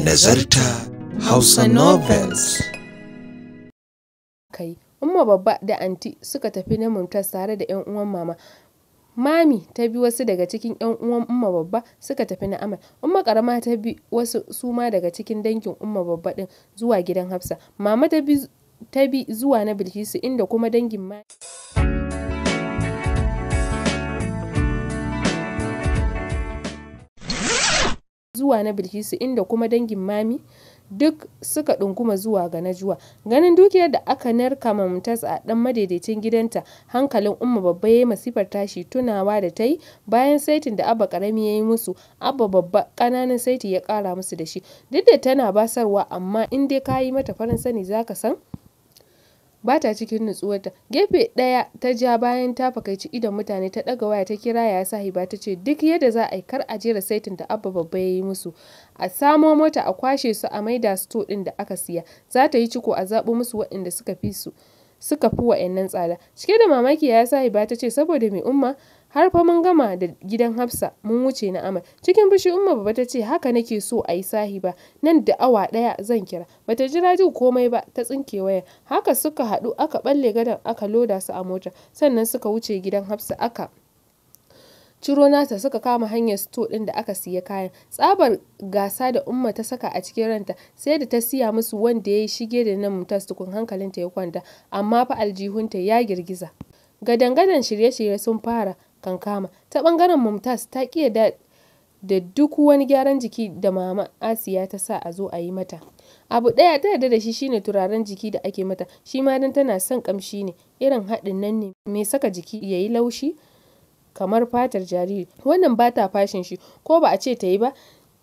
Nazarta Hausa Novels. Kai, umma babba da anti suka tafi na Mumtaz tare da 'yan uwan mama. Mami ta bi wasu daga cikin 'yan uwan umma babba suka tafi na Amal. Umma karama ta bi wasu suma daga cikin dangin umma babba din zuwa gidan Hafsa. Mama ta bi zuwa na Bilkisu inda kuma dangin ma. zuwa na Bilkisu inda kuma dangin Mami duk suka ɗunguma zuwa ga najuwa Ganin dukiyar da aka narka ma a ɗan madaidaicin gidanta, hankalin Umma babba ya yi masifar tashi tunawa da ta yi bayan saitin da Abba karami ya yi musu, Abba babba ƙananan saiti ya ƙara musu da shi. Duk da tana basarwa amma in dai ka yi mata farin sani za ka san ba ta cikin nutsuwarta gefe ɗaya ta ja bayan ta fakaici idon mutane ta ɗaga waya ta kira ya ba ta ce duk yadda za a yi kar a jera saitin da abba babba ya yi musu a samo mota a kwashe su a maida sto ɗin da aka siya za ta yi ciko a zaɓo musu waɗanda suka fi su suka fi wa'annan tsada cike da mamaki ya hiba ta ce saboda mai umma har fa mun gama da gidan Hafsa mun wuce na Amal cikin bishi Umma baba ta ce haka nake so a yi sahi ba nan da awa daya zan kira bata jira jin komai ba ta tsinke waya haka suka hadu aka balle gadon aka loda su a mota sannan suka wuce gidan Hafsa aka ciro nasa suka kama hanyar sto din da aka siya kayan tsabar gasa da umma ta saka a cikin ranta sai da ta siya musu wanda ya yi shige da nan mutas tukun hankalinta ya kwanta amma fa aljihunta ya girgiza gadan gadan shirye-shirye sun fara kankama ta bangaren mumtaz ta kiya da da duk wani gyaran jiki da mama asiya ta sa a zo a yi mata abu ɗaya ta yarda da shi shine turaren jiki da ake mata shi ma dan tana son kamshi ne irin haɗin nan ne mai saka jiki ya yi laushi kamar fatar jariri wannan ba ta fashin shi ko ba a ce ta yi ba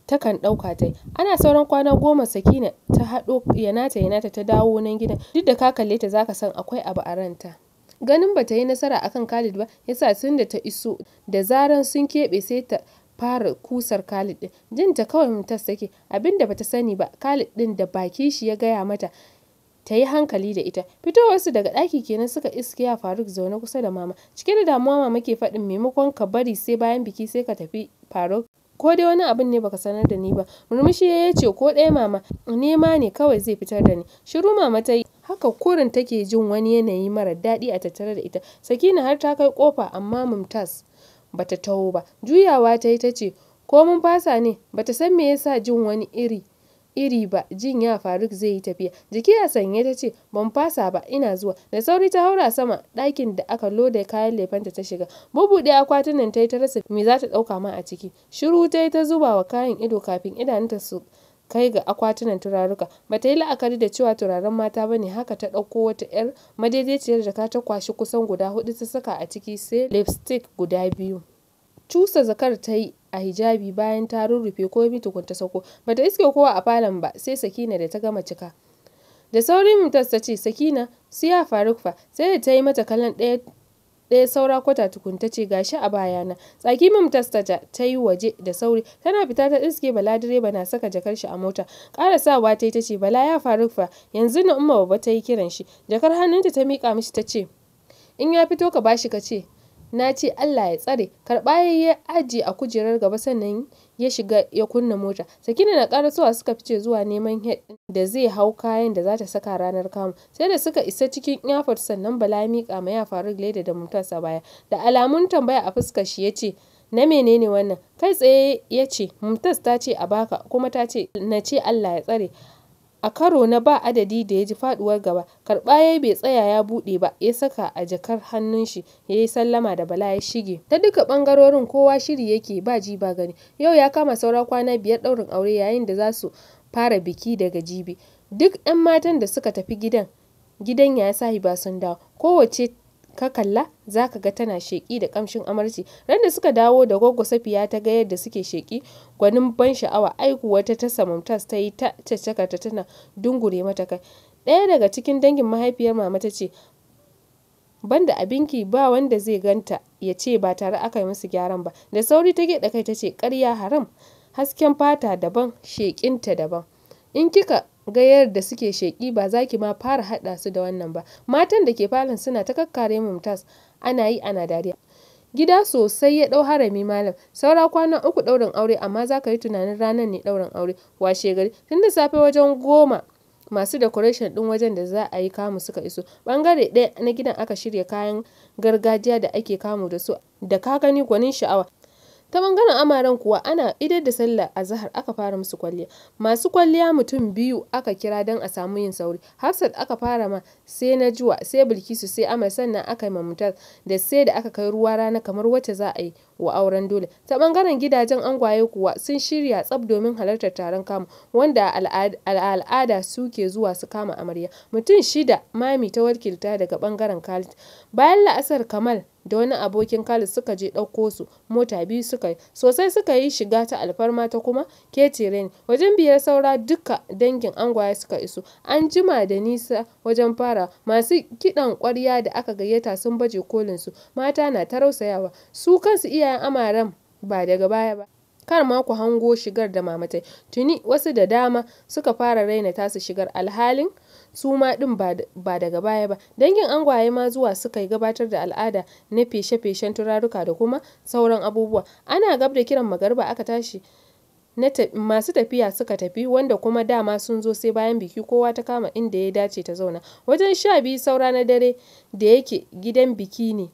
takan ɗauka ta yi ana sauran kwana goma sakina ta haɗo yanata yanata ta dawo nan gidan duk da ka kalle ta zaka san akwai abu a ranta ganin bata yi nasara akan Khalid ba yasa tun da ta iso da zaran sun keɓe sai ta fara kusar Khalid din ta kawai mutas take abinda bata sani ba Khalid din da baki shi ya gaya mata ta yi hankali da ita fitowarsu daga ɗaki kenan suka iskiya faruk zaune kusa da mama cike da damuwa mama ke faɗin maimakon ka bari sai bayan biki sai ka tafi faruk ko dai wani abin ne baka sanar da ni ba murmushi ya ce ko ɗaya mama nema ne kawai zai fitar da ni shiru mama ta yi haka kurin take jin wani yanayi mara daɗi a tattare da ita sakina har ta kai kofa amma mumtaz bata taho ba juyawa ta yi ta ce ko mun fasa ne bata san me yasa jin wani iri iri ba jin ya faruk zai yi tafiya jiki a sanye ta ce ban fasa ba ina zuwa da sauri ta haura sama ɗakin da aka loda kayan lefanta ta shiga bubuɗe akwatunan ta yi ta rasa me za ta ɗauka ma a ciki shiru ta yi ta zuba wa kayan ido kafin idanunta su kai ga akwatunan turaruka ba ta yi la'akari da cewa turaren mata ba ne haka ta ɗauko wata 'yar madaidaiciyar jaka ta kwashi kusan guda hudu ta saka a ciki sai lipstick guda biyu cusa zakar ta yi a hijabi bayan ta rurrufe komi tukun ta sako ba ta iske kowa a falon ba sai sakina da ta gama cika da saurin mutas ta ce sakina siya faruk fa sai da ta yi mata kallon ɗaya ɗaya saura kwata tukunta ce, ce gashi a bayana tsaki min ta ta yi waje da sauri tana fita ta iske bala direba na saka jakar shi a mota Ƙara ta yi ta ce bala ya faru fa yanzu na umma babba ta yi kiran shi jakar hannunta ta miƙa mishi ta ce in ya fito ka bashi ka ce Na ce Allah ya tsare, karɓa ya yi aji a kujerar gaba sannan ya shiga ya kunna mota. Sakina na sa'wa suka fice zuwa neman head da zai hau kayan da za ta saka ranar kamu. Sai da suka isa cikin yafar sannan Bala ya miƙa ma ya faru leda da mutasa baya. Da alamun tambaya a fuskar shi ya ce, na menene wannan kai tsaye ya ce mutas ta ce a baka kuma ta ce na ce allah ya tsare A karo na ba adadi da ya ji faduwar gaba, karɓa ya bai tsaya ya buɗe ba, ya saka a jakar hannun shi ya yi sallama da Bala ya shige. Ta duka ɓangarorin kowa shiri yake ba ji ba gani, yau ya kama saura kwana biyar ɗaurin aure yayin da za su fara biki daga jibi. Duk ‘yan matan da suka tafi gidan, gidan sahi Sahiba sun dawo, kowace ka kalla za ka ga tana sheƙi da ƙamshin amarci ran da suka dawo da gogo safiya ta ga yadda suke sheƙi gwanin ban sha'awa aiku wata ta samamtas ta yi ta caccaka ta tana dungure mata kai ɗaya daga cikin dangin mahaifiyar mama ta ce banda abinki ba wanda zai ganta ya ce ba tare aka yi musu gyaran ba da sauri ta geɗa kai ta ce ƙarya haram hasken fata daban sheƙinta daban in kika gayar da suke sheƙi ba za ki ma fara haɗa su da wannan ba matan da ke falon suna ta kakkare mumtaz ana yi ana dariya gida sosai ya ɗau harami malam saura kwana uku ɗaurin aure amma za ka yi tunanin ranar ne ɗaurin aure washe gari tun da safe wajen goma masu decoration din wajen da za a yi kamu suka iso ɓangare ɗaya na gidan aka shirya kayan gargajiya da ake kamu da su da ka gani gwanin sha'awa ta bangaren amaren kuwa ana idar da sallar zahar aka fara musu kwalliya masu kwalliya mutum biyu aka kira don a samu yin sauri hafsat aka fara ma sai na juwa sai bilkisu sai amar sannan aka yi mamutar da sai da aka kai ruwa rana kamar wacce za a yi wa auren dole ta bangaren gidajen angwaye kuwa sun shirya tsab domin halartar taron kamu wanda al'ada suke zuwa su kama amarya mutum shida mami ta wakilta daga bangaren khalid bayan la'asar kamal da wani abokin Khalid suka je ɗauko su mota biyu suka yi sosai suka yi shiga ta alfarma ta kuma kece rain wajen biyar saura duka dangin angwaye suka iso an jima da nisa wajen fara masu kiɗan kwarya da aka gayyata sun baje kolin su mata na ta rausayawa su kansu iyayen amaran ba daga baya ba kar ma ku hango shigar da mamatai tuni wasu da dama suka fara raina tasu shigar alhalin su ma ɗin ba daga baya ba dangin angwaye ma zuwa suka yi gabatar da al'ada na feshe-feshen turaruka da kuma sauran abubuwa ana gab da kiran magarba aka tashi masu tafiya suka tafi wanda kuma dama sun zo sai bayan biki kowa ta kama inda ya dace ta zauna wajen sha biyu saura na dare da yake gidan biki ne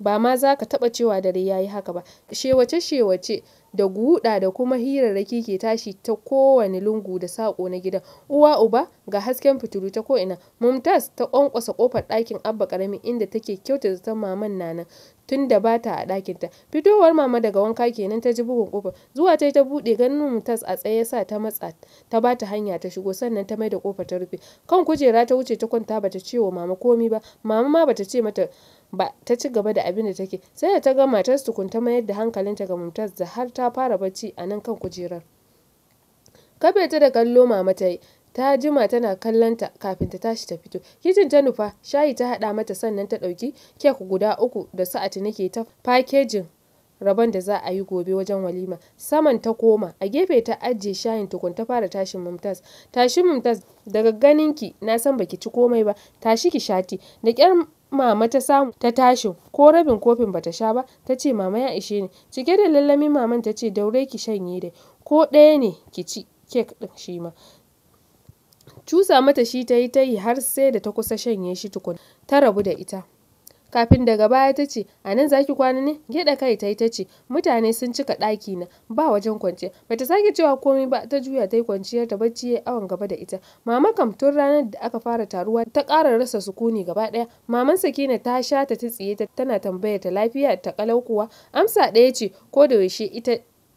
ba ma za ka taba cewa dare ya yi haka ba shewace-shewace da guda da kuma hirarraki ke tashi ta kowane lungu da sako na gidan, uwa-uba ga hasken fitilu ta ko'ina. Mumtaz ta ƙwanƙwasa kofar ɗakin Abba ƙaramin inda take kyautata zaton maman na nan tun da ba ta a ɗakinta. Fitowar mama daga wanka kenan ta ji bugun ƙofar. Zuwa ta yi ta buɗe ganin Mumtaz a tsaye sa ta matsa ta ba ta hanya ta shigo sannan ta mai da ƙofar ta rufe. Kan kujera ta wuce ta kwanta bata ce wa mama komi ba. Mama ma bata ce mata ba ta ci gaba da abin da take. Sai da ta ga matar tukunta mayar da hankalinta ga Mumtaz da har ta ta fara bacci a nan kan kujerar. Kafe ta da kallo mama ta yi, ta jima tana kallon ta kafin ta tashi ta fito. Kicin ta nufa, shayi ta haɗa mata sannan ta ɗauki kek guda uku da sa'ati nake ta fakejin rabon da za a yi gobe wajen walima. Saman ta koma, a gefe ta ajiye shayin tukun ta fara tashin Mumtaz. tashin Mumtaz daga ganinki na san baki ci komai ba, tashi ki shati. Da ƙyar mama ta samu ta tashi ko rabin kofin bata sha ba ta ce mama ya ishe ni cike da lallamin maman ta ce daure ki shanye dai ko ɗaya ne ki ci kek ɗin shi ma cusa mata shi ta yi ta yi har sai da ta kusa shanye shi tukun ta rabu da ita kafin daga baya ta ce a nan za ki kwana ne gyaɗa kai ta yi ta ce mutane sun cika ɗaki na ba wajen kwanciya bata sake cewa komai ba ta juya ta yi kwanciyar ta bacci ya awon gaba da ita mama kam tun ranar da aka fara taruwa ta ƙara rasa sukuni gaba ɗaya maman sakina ta sha ta tsiye ta tana tambayar ta lafiya ta kalau kuwa amsa ɗaya ce ko da yaushe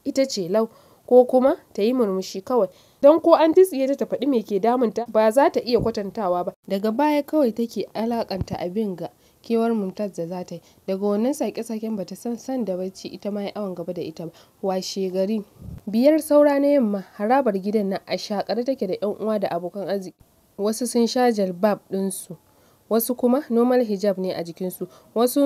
ita ce lau ko kuma ta yi murmushi kawai don ko an tsiye ta ta faɗi me ke damunta ba za ta iya kwatantawa ba daga baya kawai take alakanta abin ga kewar Mumtaz da za ta yi. Daga wannan sake-saken ba ta san da bacci ita ma awon gaba da ita ba. Washe gari biyar saura na yamma harabar gidan nan a shakar take da 'yan uwa da abokan arziki. Wasu sun sha jalbab ɗinsu, wasu kuma normal hijab ne a jikinsu,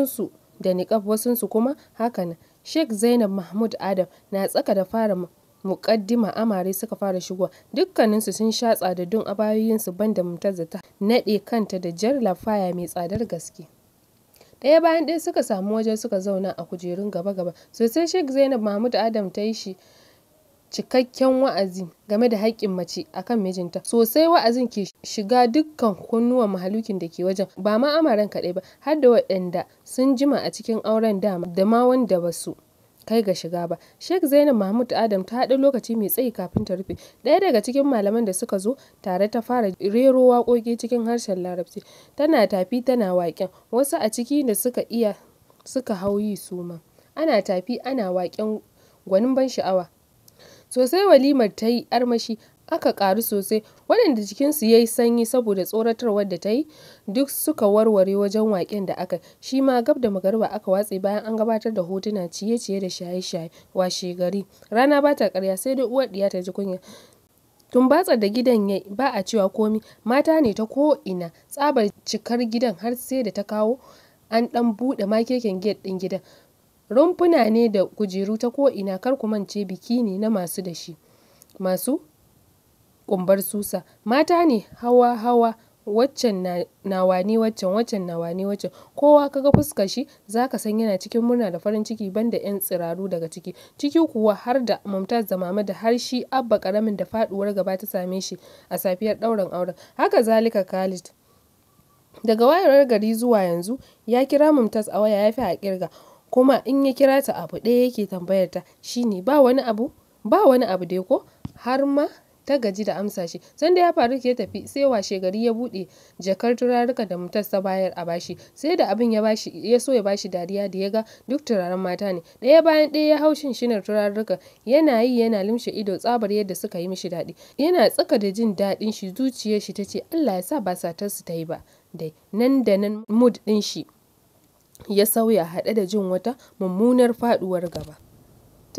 su da niƙaf su kuma haka nan. Sheikh Zainab Mahmud Adam na tsaka da fara muƙaddima amare suka fara shigowa dukkaninsu sun sha tsadadun abayoyinsu banda mutar da ta naɗe kanta da jar lafaya mai tsadar gaske. ɗaya bayan ɗaya suka samu wajen suka zauna a kujerun gaba-gaba sosai Sheikh Zainab Mahmud Adam ta yi shi cikakken wa'azi game da haƙƙin mace akan mijinta sosai wa'azin ke shiga dukkan kunnuwan mahalukin da ke wajen ba ma amaren kaɗai ba har da waɗanda sun jima a cikin auren dama da ma wanda basu kai ga shiga ba. Sheikh Zainab Mahmud Adam ta haɗu lokaci mai tsayi kafin ta rufe. Ɗaya daga cikin malaman da suka zo tare ta fara rero waƙoƙi cikin harshen Larabci. Tana tafi tana waƙen, wasu a ciki da suka iya suka hau yi su Ana tafi ana waƙen gwanin ban sha'awa. Sosai walimar ta yi armashi. aka karu sosai waɗanda jikinsu ya yi sanyi saboda tsoratarwar da ta yi duk suka warware wajen waƙen da aka shi ma gab da magariba aka watse bayan an gabatar da hotuna ciye-ciye da shaye-shaye washe gari rana ba ta ƙarya sai dai uwar ɗiya ta ji kunya Tun batsa da gidan yayi ba a cewa komi mata ne ta ko ina tsabar cikar gidan har sai da ta kawo an ɗan buɗe makeken gate ɗin gidan rumfuna ne da kujeru ta ko ina kar ku mance biki ne na masu da shi masu ƙumbar susa. Mata ne hawa-hawa, waccan na wane waccan, waccan na wane waccan. Kowa kaga ga fuskar shi zaka san yana cikin murna da farin ciki banda 'yan tsiraru daga ciki, ciki kuwa har da Mumtaz da Mama da har shi Abba karamin da faɗuwar gaba ta same shi a safiyar ɗaurin auren. Haka zalika Khalid. Daga wayewar gari zuwa yanzu ya kira Mumtaz a waya ya fi a kirga kuma in ya kira ta abu ɗaya yake tambayar ta shi ne ba wani abu, ba wani abu dai ko har ma ta gaji da amsa shi sanda ya faru ke tafi sai washe gari ya bude jakar turaruka da mutarsa ta bayar a bashi sai da abin ya bashi ya so ya bashi dariya da ya ga duk turaren mata ne daya bayan daya ya hau shinar turaruka yana yi yana limshe ido tsabar yadda suka yi mishi daɗi yana tsaka da jin daɗin shi zuciyar shi tace Allah ya sa ba su ta yi ba dai nan da nan mood din shi ya sauya hade da jin wata mummunar faduwar gaba.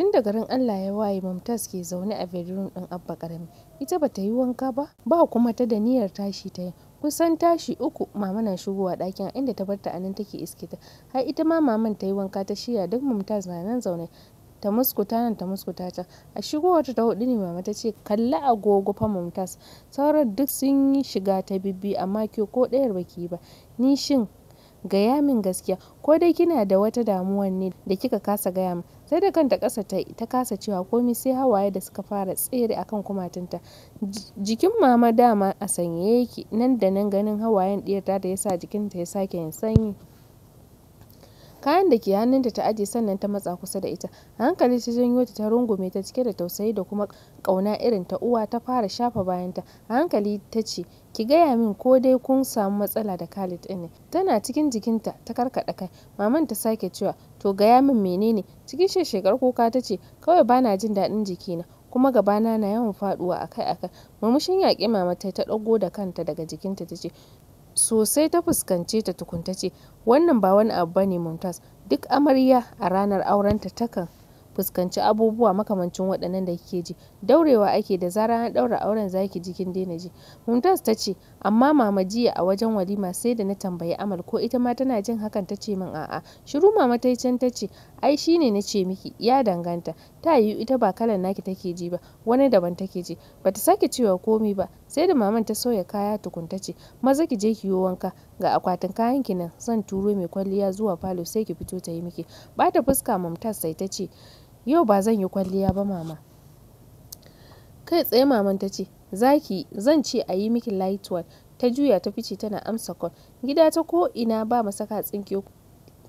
Tun da garin Allah ya waye Mumtaz ke zaune a bedroom din Abba karami ita ba ta yi wanka ba, ba kuma ta da niyyar tashi ta yi. Kusan tashi uku mama na shigowa dakin a inda ta bar ta anan take iske ta. Har ita ma maman ta yi wanka ta shirya duk Mumtaz na nan zaune. Ta muskuta nan ta muskuta ta. A shigowar ta hudu ne mama ta ce kalli agogo fa Mumtaz. Sauran duk sun yi shiga ta bibbi amma ke ko ɗayar baki ba. Ni shin Gaya min gaskiya, ko dai kina da wata damuwar ne da kika kasa gaya min? Sai da kanta kasa ta ta kasa cewa komai sai hawaye da suka fara tsere akan kan kumatunta. Jikin mama dama a sanye yake nan da nan ganin hawayen ɗiyarta ta da yasa jikinta ya sake yin sanyi. kayan da ke hannunta ta aje sannan ta matsa kusa da ita hankali ta janyo ta ta rungume ta cike da tausayi da kuma kauna irin ta uwa ta fara shafa bayanta hankali ta ce ki gaya min ko dai kun samu matsala da Khalid ɗin ne tana cikin jikinta ta karkaɗa kai maman ta sake cewa to gaya min menene cikin shekar kuka ta ce kawai bana jin daɗin jikina kuma gabana na yawan faduwa akai-akai murmushin yaƙi mamatai ta ta ɗago da kanta daga jikinta ta ce sosai ta fuskance ta tukunta ce, Wannan ba wani abu ba ne Mumtaz, duk amarya a ranar aurenta takan fuskanci abubuwa makamancin waɗannan da kike ji daurewa ake da zara na ɗaura auren zaki jikin daina ji mumtaz ta ce amma mama jiya a wajen walima sai da na tambayi amal ko ita ma tana jin hakan ta ce min a'a shiru mama ta yi can ta ce Ai shi ne na ce miki, ya danganta. Ta yiwu ita ba kalan naki take ji ba, wani daban take ji. Ba ta sake cewa komi ba, sai da maman ta sauya kaya tukunta ce, maza ki je ki yi wanka, ga akwatin kayan ki nan zan turo mai kwalliya zuwa falo sai ki fito ta yi miki. Ba ta fuska mamta sai ta ce, yau ba zan yi kwalliya ba mama. Kai tsaye maman ta ce, zaki zan ce a yi miki light one. Ta juya ta fice tana amsa kwan Gida ta ko ina ba masaka tsinke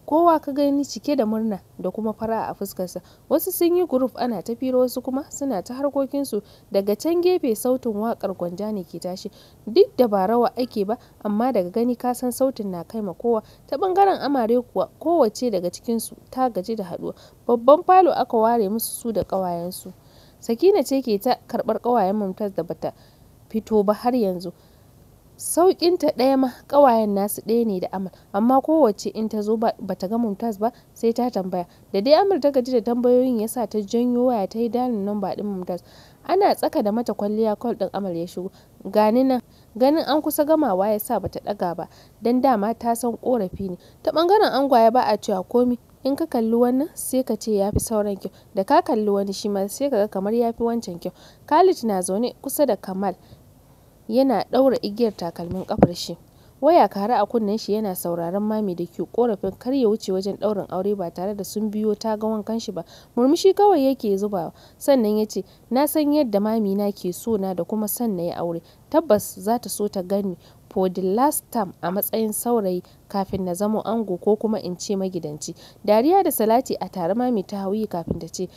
kowa ka gani cike da murna da kuma fara'a a fuskarsa wasu sun yi guruf ana ta fira wasu kuma suna ta harkokinsu daga can gefe sautin wakar gwanja ne ke tashi duk da ba rawa ake ba amma daga gani ka san sautin na kai ma kowa ta bangaren amare kuwa kowace daga cikinsu ta gaji da haɗuwa babban falo aka ware musu su da ƙawayensu sakina ce ke ta karɓar ƙawayen mamtar da bata fito ba har yanzu ta ɗaya ma ƙawayen nasu ɗaya ne da Amal, amma kowacce in ta zo ba ta ga Mumtaz ba sai ta tambaya. Da dai Amal ta gaji da tambayoyin ya sa ta janyo waya ta yi dalin namba ɗin Mumtaz. Ana tsaka da mata kwalliya kwal ɗin Amal ya shigo. Gani nan, ganin an kusa gamawa ya sa bata ɗaga ba, don dama ta san ƙorafi ne. Ta ɓangaren ya ba a cewa komi, in ka kalli wannan sai ka ce ya fi sauran kyau da ka kalli wani shi ma sai ka ga kamar ya fi wancan kyau khalid na zaune kusa da kamal yana ɗaura igiyar takalmin ƙafar shi, waya kare a kunnen shi yana sauraron Mami da ke ƙorafin kar ya wuce wajen ɗaurin aure ba tare da sun biyo ta ga wankan shi ba, murmushi kawai yake zubawa, sannan ya ce, “Na san yadda mami na ke so na da kuma son na yi aure, tabbas za ta so ta gani for the last time a matsayin saurayi kafin na zamo ango ko kuma in ce magidanci.” Dariya da salati a tare Mami ta hauyi kafin ta ce,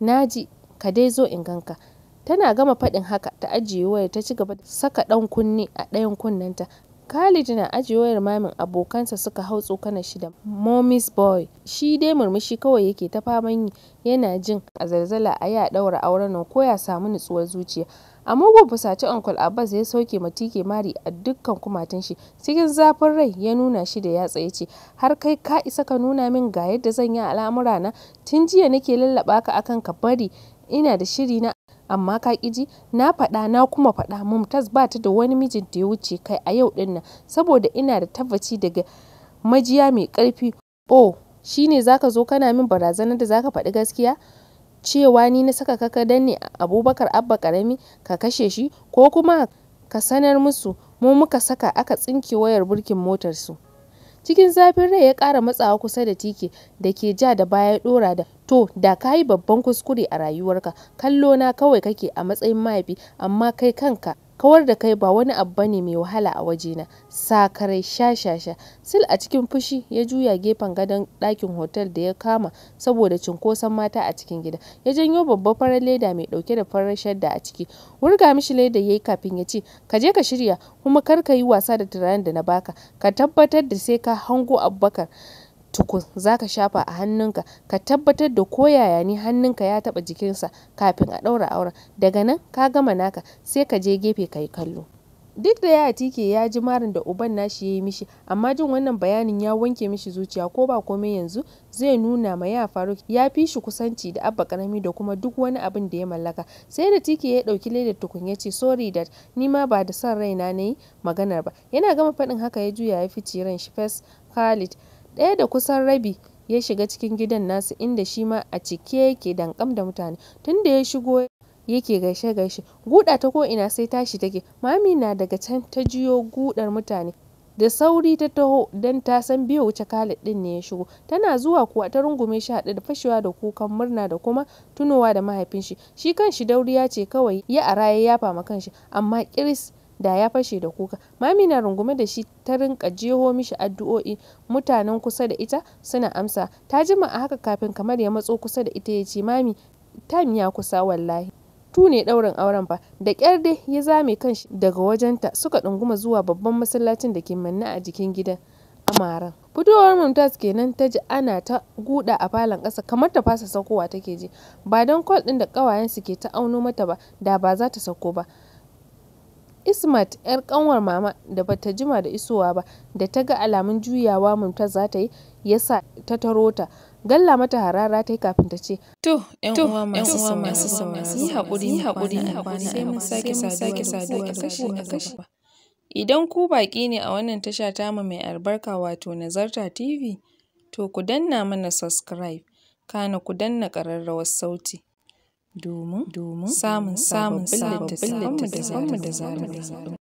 “Na ji, ka dai zo in ganka.” Tana gama faɗin haka, ta ajiye wayar ta ci gaba da saka ɗan kunne a ɗayan kunnenta. Khalid na ajiye wayar mamin abokansa suka hau tsokana shida momis boy”, shi dai murmushi kawai yake ta faman yi, yana jin a zalzala a ya a auren nan ko ya samu nutsuwar zuciya. A mugun fusace Uncle abbas ya sauke matike mari a dukkan kumatun shi, cikin zafin rai ya nuna shi da yatsa ya ce, “Har kai ka isa ka nuna min ga yadda zan yi alamura na Tun jiya nake lallaɓa ka akan ka bari, ina da shiri na.” amma ka ƙi Na faɗa na kuma faɗa Mumtaz ba ta da wani mijin da ya wuce kai a yau ɗin nan saboda ina da tabbaci daga majiya mai ƙarfi. Oh, shine zaka zo kana min barazanar da zaka ka faɗi gaskiya? Cewa ni na saka kaka danne Abubakar Abba karami ka kashe shi ko kuma ka sanar musu mu muka saka aka tsinke wayar burkin motarsu. Cikin zafin rai ya ƙara matsawa kusa da tiki da ke ja da baya ya ɗora da, “To, da ka yi babban kuskure a rayuwarka, kallo na kawai kake a matsayin mahaifi, amma kai kanka.” Kawar da kai ba wani abu bane mai wahala a wajena, sakarai shashasha. Sil a cikin fushi ya juya gefen gadon ɗakin otal da ya kama saboda cunkoson mata a cikin gida, ya janyo babbar farar leda mai ɗauke da farar shadda a ciki. Wurga mishi leda ya yi kafin ya ce, “Ka je ka shirya, kuma kar ka yi wasa da turaren da na baka, ka tabbatar da sai ka hango Abubakar.” tukun za ka shafa a hannunka ka tabbatar da ko yaya ne hannunka ya taɓa jikinsa kafin a ɗaura auren daga nan ka gama naka sai ka je gefe ka yi kallo. duk da ya tike ya ji marin da uban nashi ya yi mishi amma jin wannan bayanin ya wanke mishi zuciya ko ba komai yanzu zai nuna ma ya faru ya fi shi kusanci da abba karami da kuma duk wani abin da ya mallaka sai da tike ya dauki ledar tukun ya ce sorry dad ni ma ba da son raina na yi maganar ba yana gama faɗin haka ya juya ya fice ran shi fes khalid ɗaya da kusan rabi ya shiga cikin gidan nasu inda shi ma a cike yake dankam da mutane tun da ya shigo yake gaishe-gaishe guda ta ko'ina sai tashi take mami na daga can ta jiyo gudar mutane da sauri ta taho don ta san biyu wuce Khalid din ne ya shigo tana zuwa kuwa ta rungume shi haɗe da fashewa da kukan murna da kuma tunowa da mahaifin shi shi kanshi dauriya ce kawai ya a raye ya fama kanshi amma kiris da ya fashe da kuka. Mami na rungume da shi ta rinka jeho mishi addu'o'i mutanen kusa da ita suna amsa. Ta jima a haka kafin kamar ya matso kusa da ita ya ce mami tam ya kusa wallahi. tu ne ɗaurin auren fa da kyar dai ya zame kanshi daga wajenta suka ɗunguma zuwa babban masallacin da ke manna a jikin gidan amaran fitowar mumtaz kenan ta ji ana ta guda a falon ƙasa kamar ta fasa saukowa take ji ba don kwal ɗin da ƙawayensu ke ta auno mata ba da ba za ta sauko ba Ismat 'yar ƙanwar Mama da bata jima da isowa ba da ta ga alamun juyawa Mumtaz za ta yi ya sa ta taro ta, galla mata harara ta yi kafin ta ce, To, ‘yan uwa masu sauraro, yi haƙuri, yi haƙuri, yi haƙuri, sai mun sake saduwa a kashi a kashi. Idan ku baƙi ne a wannan tasha tamu mai albarka wato Nazarta TV, to ku danna mana subscribe, kana ku danna ƙararrawar sauti. domin samun sababbin littattafanmu da zaɓe.